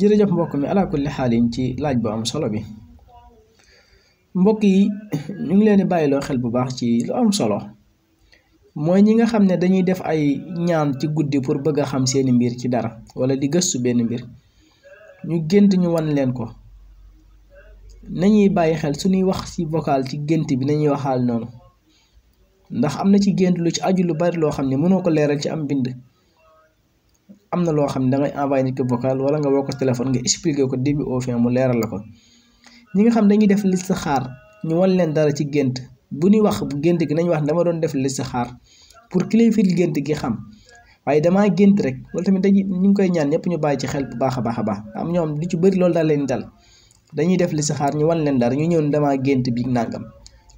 jërëjëf mbokk mi ala kulli xaalin ci laaj bu am solo bi mbokk yi ñu ngi leen bàyyi loo xel bu baax ci lu am solo mooy ñi nga xam ne dañuy def ay ñaan ci guddi pour bëgg a xam seeni mbir ci dara wala di gëstu benn mbir ñu gént ñu wan leen ko nañuy bàyyi xel su suñuy wax ci vocal ci gént bi ñuy waxaal noonu ndax am na ci gént lu ci aju lu bari loo xam ne mënoo ko leeral ci am bind am na loo xam ne damay envoyé nit ko vocal wala nga woo ko téléphone nga expliqué ko début au fin mu leeral la ko ñi nga xam dañuy def listixaar ñu wan leen dara ci gént bu ñuy wax bu gént gi nañ wax dama doon def listixaar pour ki lay gént gi xam waaye damaa gént rek loolu tamit dañuy ñu ngi koy ñaan ñëpp ñu bàyyi ci xel bu baax a baax a baax am li ci bëri loolu daal leen dal dañuy def listixaar ñu wan leen dara ñu ñëw ne damaa gént bi nangam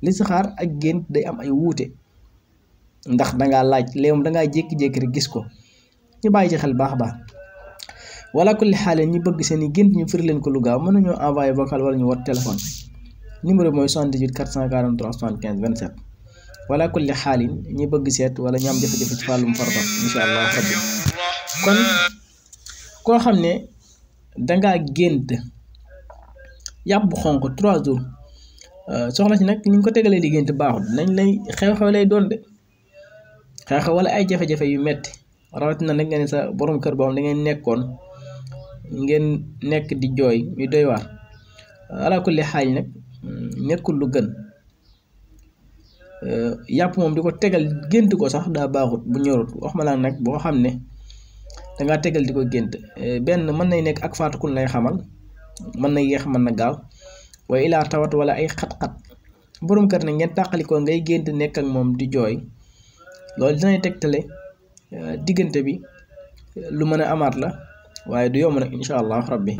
listixaar ak gént day am ay wuute ndax dangaa laaj léegi moom dangaa jékki-jékki rek gis ko ñu bàyyi ci xel baax baax wala kul xaale ñi bëgg seen i gént ñu firi leen ko lu gaaw mën nañoo envoyé vocal wala ñu wat téléphone numéro bi mooy 78 443 75 27 wala kulli xaalin ñi bëgg seet wala ñu am jafe-jafe ci wàllum farata incha allah rabbi kon koo xam ne dangaa gént yàpp xonk 3 jours soxna ci nag ni ñu ko tegalee di gént baaxul nañ lay xew-xew lay doon de xew-xew wala ay jafe-jafe yu metti na nag nga ne sa boroom kër boo xam da ngeen nekkoon ngeen nekk di jooy muy doy waar ala kulli xaal nag nekkul lu gën eh, yàpp moom di ko tegal gént ko sax daa baaxut bu ñorut wax ma laa nag boo xam ne danga tegal di ko gént eh, benn mën nay nekk ak faatukun lay xamal mën na yéex mën na gaaw waaye ilaa tawat wala ay xat-xat boroom kër nag ngeen tàqalikoo ngay gént nekk ak moom di jooy loolu dinay tegtale diggante bi lu mën a amaat la waaye du yomb nag incha allah bi